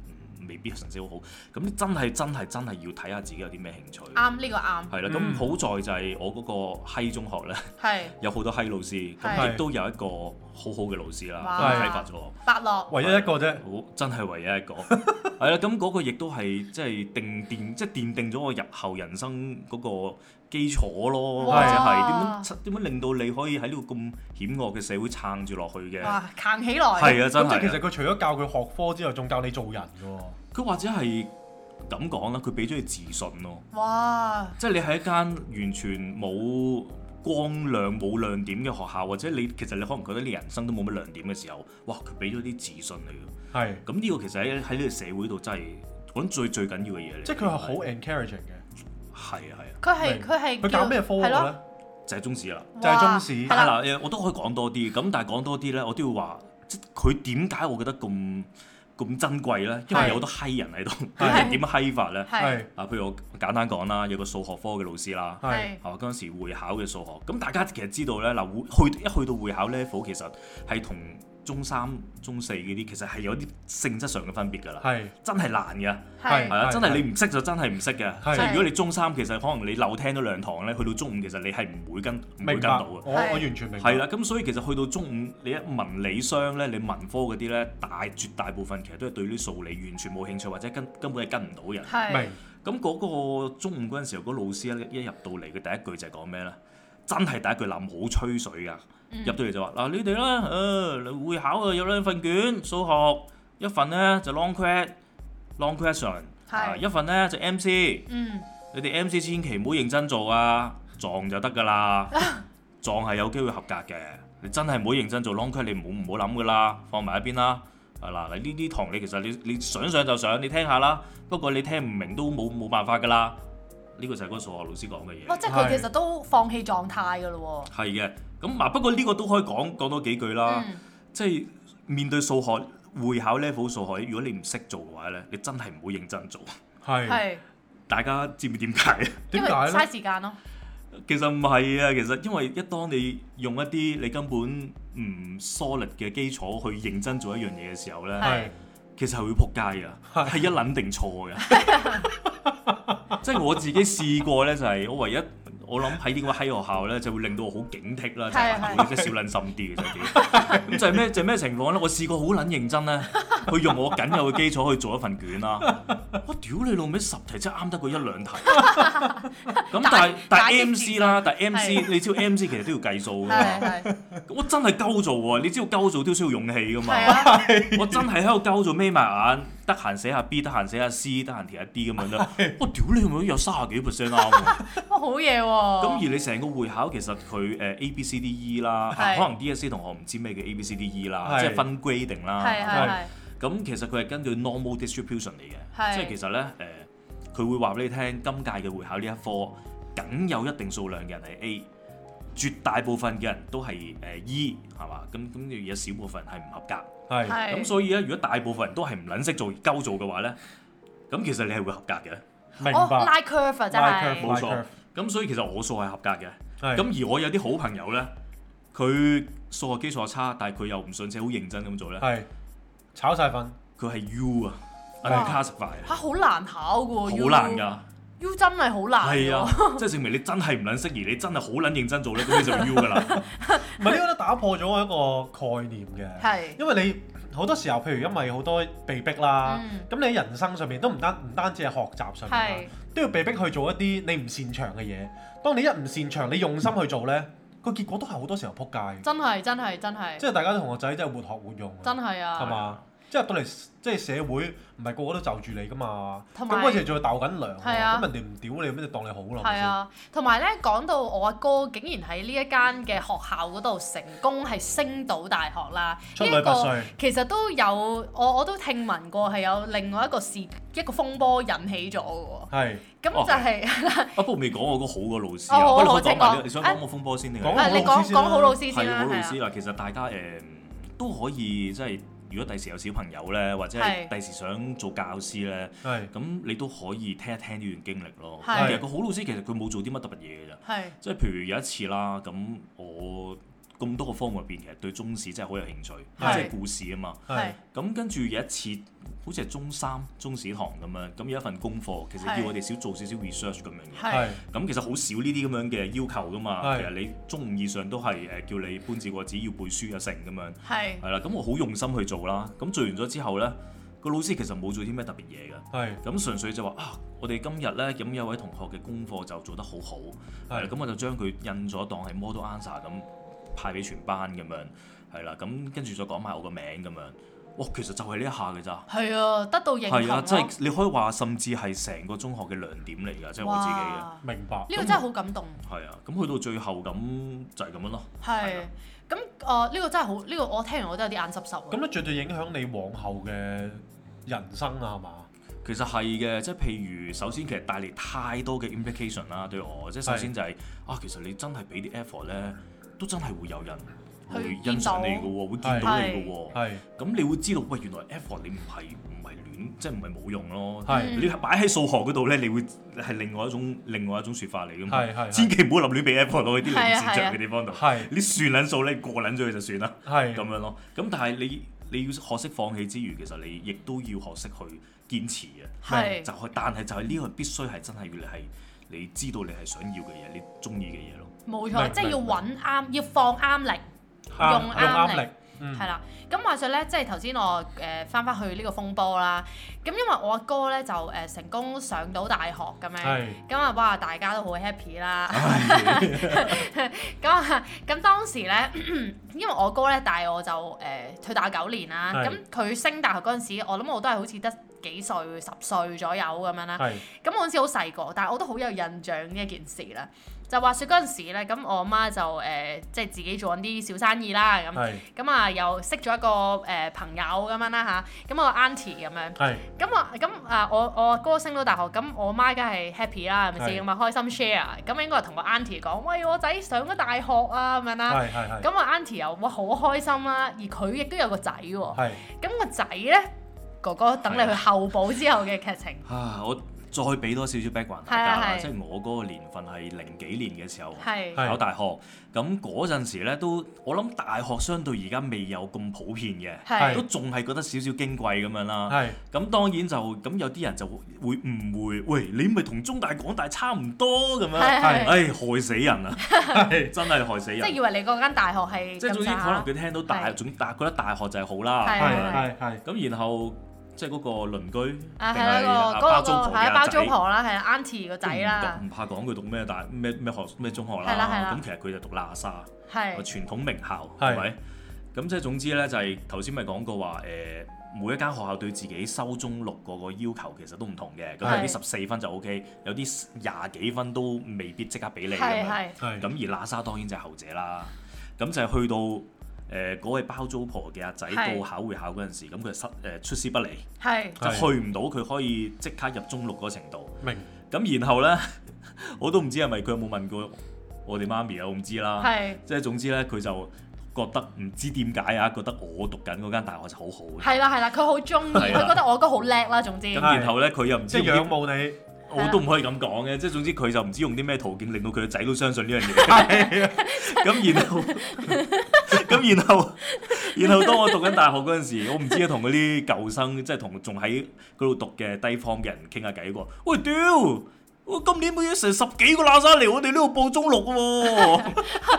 S3: 未必成績好好，咁真係真係真係要睇下自己有啲咩興趣。
S2: 啱，呢、這個啱。係啦的，咁、嗯、
S3: 好在就係我嗰個閪中學咧，係是有好多閪老師，咁亦是都有一個好好嘅老師啦，都哇啟發咗我。法樂，對唯一一個啫。好，真係唯一一個。係啦， (laughs) 咁、那、嗰個亦都係即係定奠，即係奠定咗我日後人生嗰、那個。基礎咯，係啊哇，係點樣點樣令到你可以喺呢個咁險惡嘅社會撐住落去嘅？哇，撐起來！係啊，真係。其實
S1: 佢除咗教佢學科之外，仲教你做人嘅喎。
S3: 佢或者係咁講啦，佢俾咗你自信咯。
S2: 哇！
S3: 即係你喺一間完全冇光亮、冇亮點嘅學校，或者你其實你可能覺得你人生都冇乜亮點嘅時候，哇！佢俾咗啲自信你㗎。係是。咁呢個其實喺喺呢個社會度真係揾最最緊要嘅嘢嚟。即係
S2: 佢係好
S1: encouraging
S3: 嘅。係啊。佢
S2: 係佢係佢教咩科嘅
S3: 咧？咯就係中史啦哇，就係中史係啦。我都可以講多啲咁，但係講多啲咧，我都要話，即佢點解我覺得咁咁珍貴咧？是因為有好多閪人喺度，是點閪法咧？係啊是，譬如我簡單講啦，有個數學科嘅老師啦，係啊是，嗰陣時會考嘅數學，咁大家其實知道咧，嗱會去一去到會考咧，嗰科其實係同，中三、中四嗰啲其實係有啲性質上嘅分別㗎啦，真係難嘅，係啊，真係你唔識就真係唔識嘅。即係如果你中三，其實可能你漏聽咗兩堂咧，去到中五其實你係唔會跟唔會跟到嘅。我我完全明。係啦，咁所以其實去到中五，你一文理商咧，你文科嗰啲咧，大絕大部分其實都係對啲數理完全冇興趣，或者跟根本係跟唔到嘅。明。咁嗰個中五嗰陣時候，嗰老師咧一入到嚟嘅第一句就係講咩咧？真係第一句諗好吹水㗎。入到嚟就話嗱、啊，你哋啦，誒、呃、會考啊，有兩份卷，數學一份呢就是、long quest long question，是、啊、一份呢就是、M C。嗯，你哋 M C 千祈唔好認真做啊，撞就得噶啦， (laughs) 撞係有機會合格嘅。你真係唔好認真做 long quest，你唔好唔好諗噶啦，放埋一邊啦。啊嗱，呢啲堂你其實你你想上就上，你聽下啦。不過你聽唔明都冇冇辦法噶啦。呢、這個就係嗰個數學老師講嘅嘢。哦、啊，即係佢其實
S2: 都放棄狀態噶咯喎。
S3: 係嘅。咁啊，utan, 不過呢個都可以講講多幾句啦。即係、mm. 面對數學會考 level 數學，如果你唔識做嘅話呢，你真係唔好認真做。
S2: 係是，
S3: 大家知唔知點解啊？點解咧？嘥時間咯。 (laughs) 其實唔係啊，其實因為一當你用一啲你根本唔 solid 嘅基礎去認真做一樣嘢嘅時候呢，是其實係會撲街㗎，係一撚定錯嘅。即係我自己試過呢，就係我唯一。我諗喺呢咁嘅喺學校咧，就會令到我好警惕啦，即係少撚心啲嘅真係。咁就係咩？就係咩情況咧？我試過好撚認真咧，去用我僅有嘅基礎去做一份卷啦。我屌你老味，十題真係啱得過一兩題啊。咁但係但係 MC 啦，但係 MC 你知道，MC 其實都要計數㗎嘛。我真係鳩做啊！你知道鳩做都要需要勇氣㗎嘛？我真係喺度鳩做，眯埋眼。得閒寫下 B，得閒寫下 C，得閒填下 D，啊。咁樣咯。我、啊、屌你，會唔會有三十幾 percent 啱
S2: 好嘢喎！咁 (laughs) 而你
S3: 成個會考其實佢誒、呃、A B C D E 啦是，可能 D S E 同學唔知咩叫 A B C D E 啦是，即係分 grading 啦。係咁其實佢係根據 normal distribution 嚟嘅，即係是其實咧誒，佢、呃、會話俾你聽，今屆嘅會考呢一科，僅有一定數量嘅人係 A。絕大部分嘅人都係誒 E，係嘛？咁咁要有少部分人係唔合格。係咁是，所以咧，如果大部分人都係唔撚識做鳩做嘅話咧，咁其實你係會合格嘅。明白。我 like
S2: curve 就係冇錯。
S3: 咁所以其實我數係合格嘅。咁是而我有啲好朋友咧，佢數學基礎差，但係佢又唔信，車，好認真咁做咧。係。炒晒粉，佢係 U 啊，係 unclassified。嚇！
S2: 好難考㗎喎。好、啊、U 難㗎。U 真係好難喎、啊，即
S3: 係證明你真係唔撚
S1: 適宜，你真係好撚認真做呢， (laughs) 咁你就 U 噶啦。唔係呢個都打破咗我一個概念嘅，是因為你好多時候，譬如因為好多被逼啦，咁、嗯、你喺人生上面都唔單唔單止係學習上面，是都要被逼去做一啲你唔擅長嘅嘢。當你一唔擅長，你用心去做呢，個、嗯、結果都係好多時候撲街。
S2: 真係真係真係。即係
S1: 大家同學仔，真係活學活用。
S2: 真係啊。係嘛？
S1: 即係到嚟，即係社會，唔係個個都就住你㗎嘛。咁嗰時仲要鬥緊糧，咁人哋唔屌你，咁就當你好咯。係
S2: 啊，同埋咧，講到我阿哥竟然喺呢一間嘅學校嗰度成功係升到大學啦。出類拔萃。其實都有，我我都聽聞過，係有另外一個事，一個風波引起咗嘅喎。係。咁就
S3: 係啊，不過未講我個好嘅老師我好想講。你想講個風波先定係？講講好老師先啊。好老師啦，其實大家誒都可以即係。如果第時有小朋友咧，或者係第時想做教師咧，咁是你都可以聽一聽呢段經歷囉。是其實個好老師其實佢冇做啲乜特別嘢㗎啫，是即係譬如有一次啦，咁我。咁多個科目入邊，其實對中史真係好有興趣，是即係故事啊嘛。咁是跟住有一次，好似係中三中史堂咁樣，咁有一份功課，其實要我哋少做少少 research 咁樣。係咁是其實好少呢啲咁樣嘅要求噶嘛。是其實你中五以上都係誒叫你搬字過紙要背書啊成咁樣。係係啦，咁我好用心去做啦。咁做完咗之後呢，個老師其實冇做啲咩特別嘢㗎。係咁是純粹就話啊，我哋今日呢，咁有位同學嘅功課就做得好好。係咁是我就將佢印咗當係 model answer 咁。派俾全班咁樣，係啦，咁跟住再講埋我個名咁樣，哇，其實就係呢一下嘅咋。
S2: 係啊，得到認同。係啊，即係、就是、
S3: 你可以話，甚至係成個中學嘅亮點嚟噶，即、就、係、是、我自己嘅。明白哇。呢個真係好感動。係
S1: 啊那，咁去到最後咁就係、是、咁樣咯。
S2: 係的。咁啊的，呢、呃這個真係好，呢、這個我聽完我都有啲眼濕濕。咁咧、嗯，
S1: 絕對影響你往後嘅人生啊，係嘛？其
S3: 實係嘅，即係譬如，首先其實帶嚟太多嘅 implication 啦，對我，即係首先就係、是、的啊，其實你真係俾啲 effort 咧。嗯都真係會有人去欣賞你嘅喎，會，會見到你嘅喎，咁是的、嗯、你會知道喂，原來 effort 你唔係唔係亂，即係唔係冇用咯。你擺喺數學嗰度咧，你會係另外一種另外一種說法嚟嘅。係是的 千祈唔好立亂俾 effort 攞，去啲唔智障嘅地方度。你是的 算緊數咧，過緊咗佢就算啦。咁樣咯。咁但係你你要學識放棄之餘，其實你亦都要學識是的 去堅持嘅。但就但係就係呢個必須係真係要你係你知道你係想要嘅嘢，你中意嘅嘢
S2: 冇錯，即係要揾啱，要放啱力，用啱力，係啦。咁話説咧，即係頭先我誒返返去呢個風波啦。咁因為我阿哥咧就誒成功上到大學咁樣，咁啊哇，大家都好 happy 啦。咁啊，咁當時咧，因為我哥咧大我就誒佢大九年啦。咁佢升大學嗰陣時，我諗我都係好似得幾歲，十歲左右咁樣啦。咁我好似好細個，但係我都好有印象呢一件事啦。就話說嗰陣時咧，咁我媽就誒、呃、即係自己做緊啲小生意啦，咁咁啊又識咗一個誒、呃、朋友咁樣啦嚇，咁我 auntie 咁樣，咁、啊啊啊啊、我咁啊我我哥升到大學，咁我媽梗係 happy 啦，係咪先咁啊開心 share，咁、嗯、應該同個 auntie 講喂我仔上咗大學啊咁樣啦，咁啊 auntie 又哇好開心啦、啊，而佢亦都有個仔喎、喔，咁是個仔咧哥哥等你去後補之後嘅劇情啊
S3: 是的 (laughs) 我。再俾多少少 background，係㗎啦，即係我嗰個年份係零幾年嘅時候考大學，咁嗰陣時咧都，我諗大學相對而家未有咁普遍嘅，都仲係覺得少少矜貴咁樣啦。咁當然就咁有啲人就會誤會，喂，你咪同中大、廣大差唔多咁樣，係，唉，害死人啊！真係害死人。即係以
S2: 為你嗰間大學係。即係總之，可能
S3: 佢聽到大，總但係覺得大學就係好啦，係係係。咁然後。即係嗰個鄰居，啊係啊嗰個，嗰個係阿包租婆，係啊包租婆
S2: 啦，係啊 aunty 個仔啦，唔
S3: 怕講佢讀咩大咩咩學咩中學啦，係啦係啦，咁其實佢就讀喇沙，係傳統名校，係咪？咁即係總之呢，就係頭先咪講過話，每一間學校對自己收中六嘅要求其實都唔同嘅，咁有啲十四分就 OK，有啲廿幾分都未必即刻畀你，咁而喇沙當然就係後者啦，咁就係去到誒嗰個包租婆嘅阿仔報考會考嗰陣時，咁佢失誒出師不利，
S2: 就去唔
S3: 到佢可以即刻入中六嗰程度。明。咁然後咧，我都唔知係咪佢有冇問過我哋媽咪啊？我唔知啦。係即係總之咧，佢就覺得唔知點解啊，覺得我讀緊嗰間大學就好好嘅。
S2: 係啦係啦，佢好中意，佢覺得我都好叻啦。總之咁，然
S3: 後咧佢又唔知即仰慕你，我都唔可以咁講嘅。即係總之佢就唔知用啲咩途徑令到佢嘅仔都相信呢樣嘢。
S2: 咁然後。
S3: 咁 (laughs) 然後，然後當我讀緊大學嗰陣時， (laughs) 我唔知同嗰啲舊生，即係同仲喺嗰度讀嘅低方嘅人傾下偈過，喂，屌、oh！今年每嘢，成十幾個喇沙嚟我哋呢度報中六喎，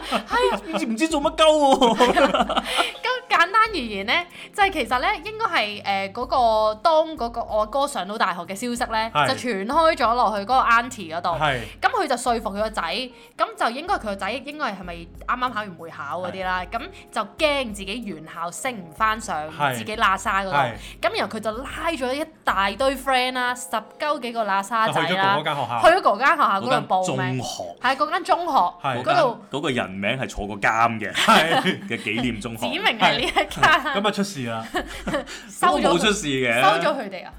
S3: 係唔知做乜鳩。
S2: 咁簡單而言咧，就係其實咧應該係誒嗰個當嗰個我哥上到大學嘅消息咧，就傳開咗落去嗰個 Auntie 嗰度。咁佢就説服佢個仔，咁就應該佢個仔應該係咪啱啱考完會考嗰啲啦？咁就驚自己原校升唔翻上，自己喇沙嗰度。咁然後佢就拉咗一大堆 friend 啦，十鳩幾個喇沙仔啦。係。去咗嗰間學校。去咗嗰間學校嗰度報名中學，係嗰間中學嗰度，
S3: 嗰間裡個人名係坐過監嘅，係嘅紀念中學。 (laughs) 指明係呢一
S2: 間，咁啊的
S3: (laughs) 出事啦，
S2: (laughs) 收冇出事嘅，收咗佢哋啊，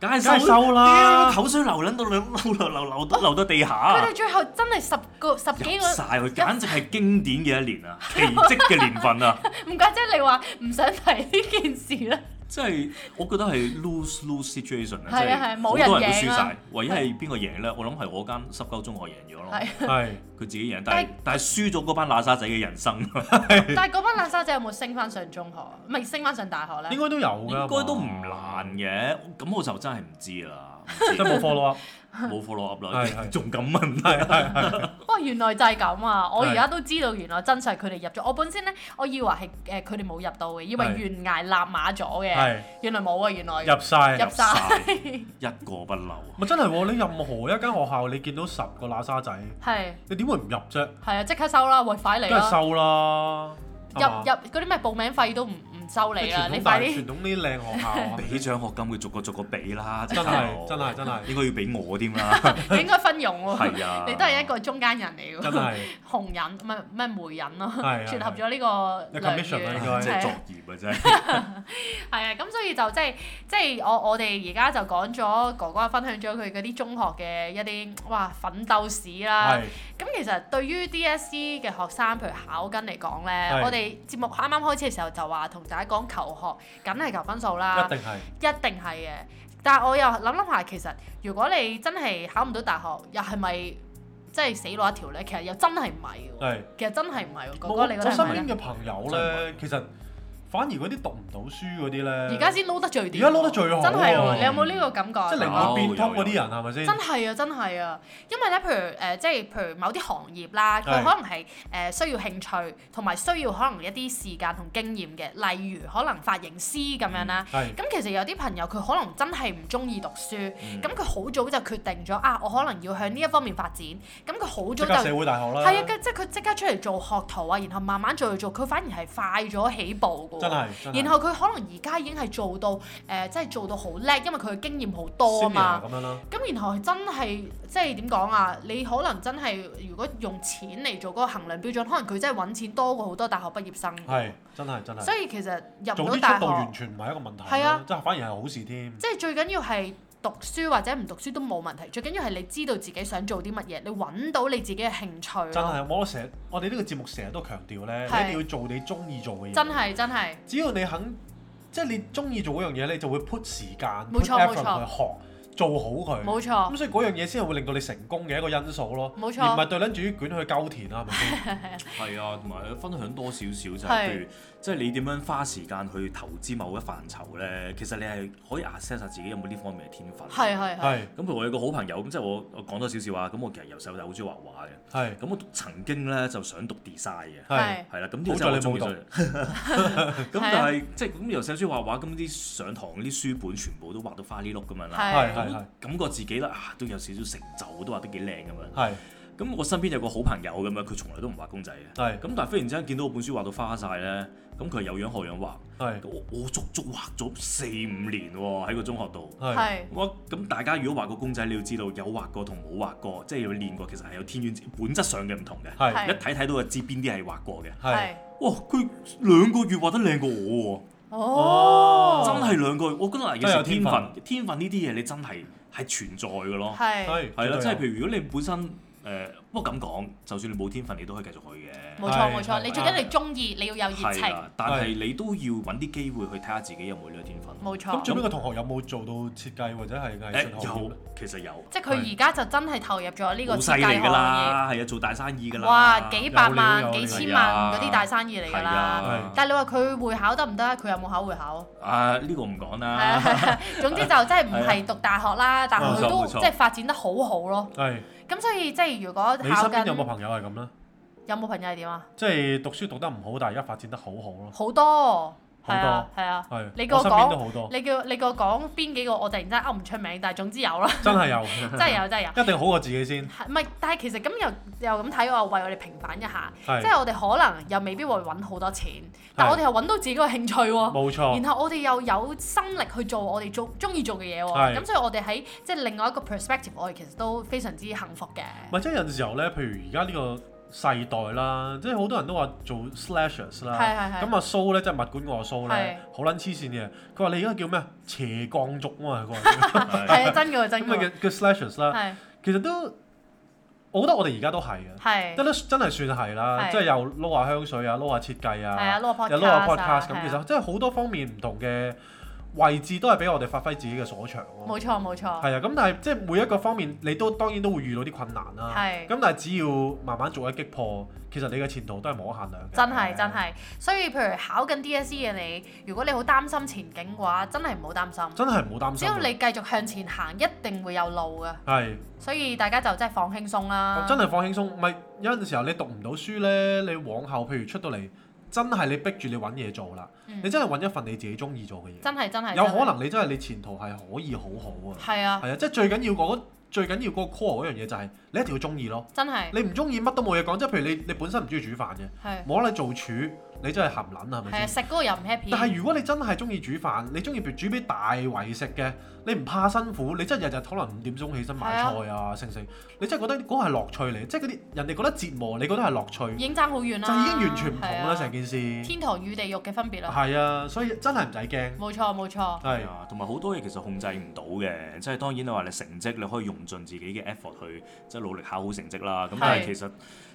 S3: 梗係收收啦，口水流撚到流流流流到地下。佢哋、啊、
S2: 最後真係十個十幾個晒！
S3: 佢簡直係經典嘅一年啊， (laughs) 奇蹟嘅年份啊！
S2: 唔 (laughs) 怪之你話唔想睇呢件事啦。
S3: 即係我覺得係 lose lose situation 啊， (laughs) 即係好多人都輸晒。 (laughs) 唯一係邊個贏咧？我諗係我間濕鳩中學贏咗咯，係佢 (laughs) 自己贏，但係但係是輸咗嗰班垃圾仔嘅人生。 (laughs) 但
S2: 係嗰班垃圾仔有冇升翻上中學，唔係升翻上大學咧？應該都有㗎，應該都
S3: 唔難嘅。咁我就真係唔知啦，即冇 follow 啦喎。 (laughs) 冇科落入嚟，仲咁問題？
S2: 哇！原來就係咁啊！我而家都知道原來真實佢哋入咗。我本身咧，我以為係誒佢哋冇入到嘅，以為懸崖勒馬咗嘅。係，原來冇啊！原來入晒。入晒，
S1: 一個不漏啊！咪真係喎！你任何一間學校，你見到十個喇沙仔，係你點會唔入啫？
S2: 係啊，即刻收啦！喂，快嚟啦！係
S1: 收啦！
S2: 入入嗰啲咩報名費都唔～收你啦！你快啲。傳
S3: 統啲靚學校俾獎學金，會逐個逐個俾啦，真係，真係，真係，應該要俾我添啦。
S2: 應該分傭喎，你都係一個中間人嚟嘅，紅人唔係咩媒人咯，撮合咗呢個男女。作業啊，真係。係啊，咁所以就即係即係我我哋而家就講咗哥哥分享咗佢嗰啲中學嘅一啲哇奮鬥史啦。咁其實對於 DSE 嘅學生，譬如考緊嚟講咧，是我哋節目啱啱開始嘅時候就話同大家講求學，梗係求分數啦，一定係，一定係嘅。但係我又諗諗下，其實如果你真係考唔到大學，又係咪即係死路一條咧？其實又真係唔係。係是。其實真係唔係，哥哥沒你覺得？身邊嘅
S1: 朋友咧，是是其實。反而嗰啲讀唔到書嗰啲咧，而家先撈得最掂，而家撈得最好，真係的喎！對你有冇呢個
S2: 感覺？即係靈活變通嗰啲人
S1: 係咪先？Oh, 是
S2: 是真係啊，真係啊！因為咧、呃，譬如誒，即係譬如某啲行業啦，佢可能係誒需要興趣同埋需要可能一啲時間同經驗嘅，例如可能髮型師咁樣啦。係、嗯。咁其實有啲朋友佢可能真係唔中意讀書，咁佢好早就決定咗啊！我可能要向呢一方面發展。咁佢好早就。社會大學啦。係啊，即係佢即刻出嚟做學徒啊，然後慢慢做嚟做，佢反而係快咗起步。真係，真係，然後佢可能而家已經係做到，誒、呃，即係做到好叻，因為佢經驗好多啊嘛。咁樣咯。咁然後真係，即係點講啊？你可能真係，如果用錢嚟做嗰個衡量標準，可能佢真係揾錢多過好多大學畢業生。
S1: 係，真係真係。所以
S2: 其實入唔到大學完
S1: 全唔係一個問題，啊，即係、啊、反而係好事添，啊。
S2: 即係最緊要係。讀書或者唔讀書都冇問題，最緊要係你知道自己想做啲乜嘢，你揾到你自己嘅興趣。真係，
S1: 我成日我哋呢個節目成日都強調呢，一定要做你中意做嘅嘢。真
S2: 係真係。只
S1: 要你肯，即係你中意做嗰樣嘢，你就會 put 時間，冇錯去學做好佢，冇錯。咁所以嗰樣嘢先係會令到你成功嘅一個因素咯，冇錯。而唔係對撚住卷去耕田啊，係咪？係啊，同埋分享多少少就係。即係你點樣花時
S3: 間去投資某一範疇咧？其實你係可以 assess 下自己有冇呢方面嘅天分。係
S2: 係係。
S3: 咁譬如我有個好朋友，咁即係我我講多少少話，咁我其實由細到大好中意畫畫嘅。係。咁我曾經咧就想讀 design 嘅。係是是。係啦，咁之後就冇讀。咁但係即係咁由細好中意畫畫，咁啲上堂嗰啲書本全部都畫到花呢碌咁樣啦。係係是是 感覺自己啦、啊、都有少少成就，都畫得幾靚㗎嘛。係的。咁我身邊有個好朋友咁樣，佢從來都唔畫公仔嘅。係咁，但係忽然之間見到我本書畫到花晒咧，咁佢係有樣學樣畫。我足足畫咗四五年喎，喺個中學度。係咁，大家如果畫個公仔，你要知道有畫過同冇畫過，即係要練過，其實係有天淵本質上嘅唔同嘅。一睇睇到就知邊啲係畫過嘅。係哇！佢兩個月畫得靚過我
S1: 喎。哦，真係兩
S3: 個月。我覺得嗱，有天分。天分呢啲嘢，你真係係存在嘅咯。係係啦，即係譬如如果你本身。誒，不過咁講，就算你冇天分，你都可以繼續去嘅。冇錯冇錯，你最緊要你中意，你
S2: 要有熱情。
S3: 但係你都要揾啲機會去睇下自己有冇呢個天分。冇
S1: 錯。咁做尾個同學有冇做到設計或者係藝術學？誒有，
S3: 其實有。即係佢
S2: 而家就真係投入咗呢個設計行業。好犀利㗎啦，
S3: 係啊，做大生意㗎啦。哇！幾百萬、幾千萬嗰啲大生意嚟㗎啦。
S2: 但係你話佢會考得唔得？佢有冇考會考？
S3: 啊，呢個唔講啦。係
S2: 啊，總之就真係唔係讀大學啦，但係佢都即係發展得好好咯。咁所以即係如果考緊，你身邊有冇
S1: 朋友係咁咧？
S2: 有冇朋友係點啊？
S1: 即係讀書讀得唔好，但係而家發展得好好咯。
S2: 好多。係啊係啊，我身邊都好多。你叫你個講邊幾個？我突然間噏唔出名，但係總之有啦。真係
S1: 有，真係有，真係有。一定好過自己先。
S2: 唔係，但係其實咁又又咁睇，我為我哋平反一下，即係我哋可能又未必會揾好多錢，但我哋又揾到自己嗰個興趣喎。冇錯。然後我哋又有心力去做我哋做中意做嘅嘢喎。係。咁所以我哋喺即係另外一個 perspective，我哋其實都非常之幸福嘅。
S1: 唔係，即係有時候咧，譬如而家呢個。世代啦，即係好多人都話做 slashes 啦，咁阿蘇咧即係物管個阿蘇咧，好撚黐線嘅。佢話你依家叫咩？斜槓族啊嘛，佢話叫係啊，真嘅真嘅。咁啊叫 slashes 啦，其實都我覺得我哋而家都係嘅，得啦真係算係啦，即係又撈下香水啊，撈下設計啊，
S2: 又撈下 podcast 咁，其實
S1: 即係好多方面唔同嘅。位置都係俾我哋發揮自己嘅所長。
S2: 冇錯，冇錯。係
S1: 啊，咁但係即係每一個方面，你都當然都會遇到啲困難啦、啊。係的。咁但係只要慢慢逐一擊破，其實你嘅前途都係冇限量嘅。
S2: 真係的的真係，所以譬如考緊 DSE 嘅你，如果你好擔心前景嘅話，真係唔好擔心。真係唔好擔心。只要你繼續向前行，一定會有路嘅。係的。所以大家就真係放輕鬆啦。真係
S1: 放輕鬆，唔係有陣時候你讀唔到書咧，你往後譬如出到嚟。真係你逼住你揾嘢做啦，嗯、你真係揾一份你自己中意做嘅嘢。
S2: 真係真係，有可能
S1: 你真係你前途係可以好好啊。係啊，係啊，即係最緊要嗰最緊要嗰 core 嗰樣嘢就係你一定要中意咯。真係是，你唔中意，乜都冇嘢講。即係譬如你你本身唔中意煮飯嘅，冇得的你做廚。你真係含撚啊，係咪先？係啊，
S2: 食嗰個又唔 happy。但係如
S1: 果你真係中意煮飯，你中意煮俾大衞食嘅，你唔怕辛苦，你真係日日可能五點鐘起身買菜啊，星星的。你真係覺得嗰個係樂趣嚟，即係嗰啲人哋覺得折磨，你覺得係樂趣。已經
S2: 爭好遠啦。就已經完全唔同啦，
S1: 成的件事。天
S2: 堂與地獄嘅分別啦。係啊，所以真係唔使驚。冇錯，冇錯。係啊，
S3: 同埋好多嘢其實控制唔到嘅，嗯、即係當然你話你成績你可以用盡自己嘅 effort 去，即係努力考好成績啦。咁的但係其實。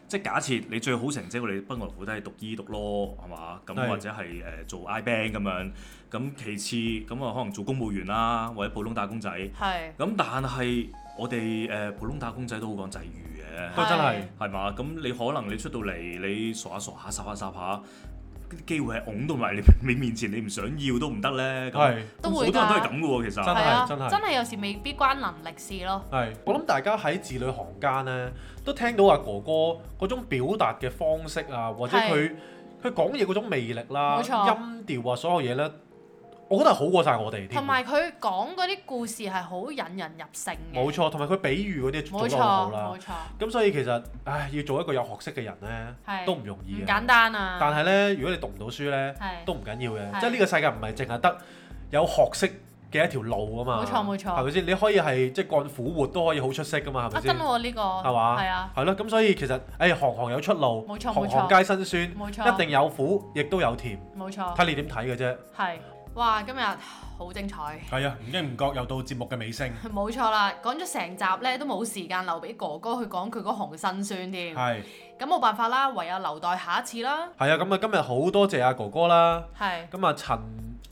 S3: 即係假設你最好成績，我哋不外乎都係讀醫讀 law 係嘛？咁對 或者係誒、呃、做 IBank 咁樣。咁其次，咁啊可能做公務員啦，或者普通打工仔。係是。咁但係我哋誒、呃、普通打工仔都好講際遇嘅，都真係係嘛？咁的你可能你出到嚟，你傻下傻下，傻下傻下。啲機會係擁到埋你你面前，你
S1: 唔想要都唔得咧。係，都會，好是多人都係咁嘅喎，其實真係的真係的，真
S2: 係有時未必關能力事咯。
S1: 係，我諗大家喺字裏行間咧，都聽到阿、啊、哥哥嗰種表達嘅方式啊，或者佢佢講嘢嗰種魅力啦、啊，錯音調啊，所有嘢咧。我覺得好過晒我哋啲。同埋
S2: 佢講嗰啲故事係好引人入勝嘅。冇
S1: 錯，同埋佢比喻嗰啲做得好好啦。冇錯，咁所以其實，唉，要做一個有學識嘅人咧，都唔容易。簡單啊！但係咧，如果你讀唔到書咧，都唔緊要嘅。即係呢個世界唔係淨係得有學識嘅一條路啊嘛。冇錯冇錯，係咪先？你可以係即係幹苦活都可以好出色噶嘛，係咪先？真喎呢
S2: 個。係嘛？係
S1: 啊。係咯，咁所以其實，唉，行行有出路。冇錯冇錯。行行皆辛酸。冇錯。一定有苦，亦都有甜。冇錯。睇你點睇嘅啫。
S2: 係。哇，今日好精彩！係啊，
S1: 唔經唔覺又到節目嘅尾聲，
S2: 冇錯啦，講咗成集咧都冇時間留俾哥哥去講佢嗰行嘅辛酸添，係咁冇辦法啦，唯有留待下一次啦。
S1: 係啊，咁啊今日好多謝阿哥哥啦，係是，咁啊陳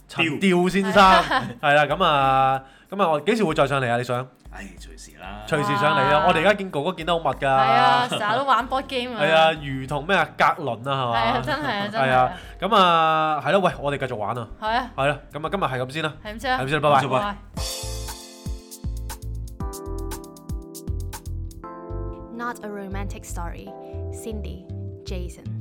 S1: 陳調刁先生，係啦、 (laughs) 啊，咁啊咁啊我幾時會再上嚟啊？你想？
S2: 唉隨時啦，隨時上嚟啊！我哋而家
S1: 見哥哥見得好密㗎，係啊，
S2: 成日都玩 board game 啊，係啊，
S1: 如同咩啊格倫啊係嘛？係啊真係啊，係啊咁啊係咯，喂，我哋繼續玩啊，係啊，係啦，咁啊今日係咁先啦，係咁先啦，係咁先啦，拜拜。
S2: Not a romantic story. Cindy, Jason.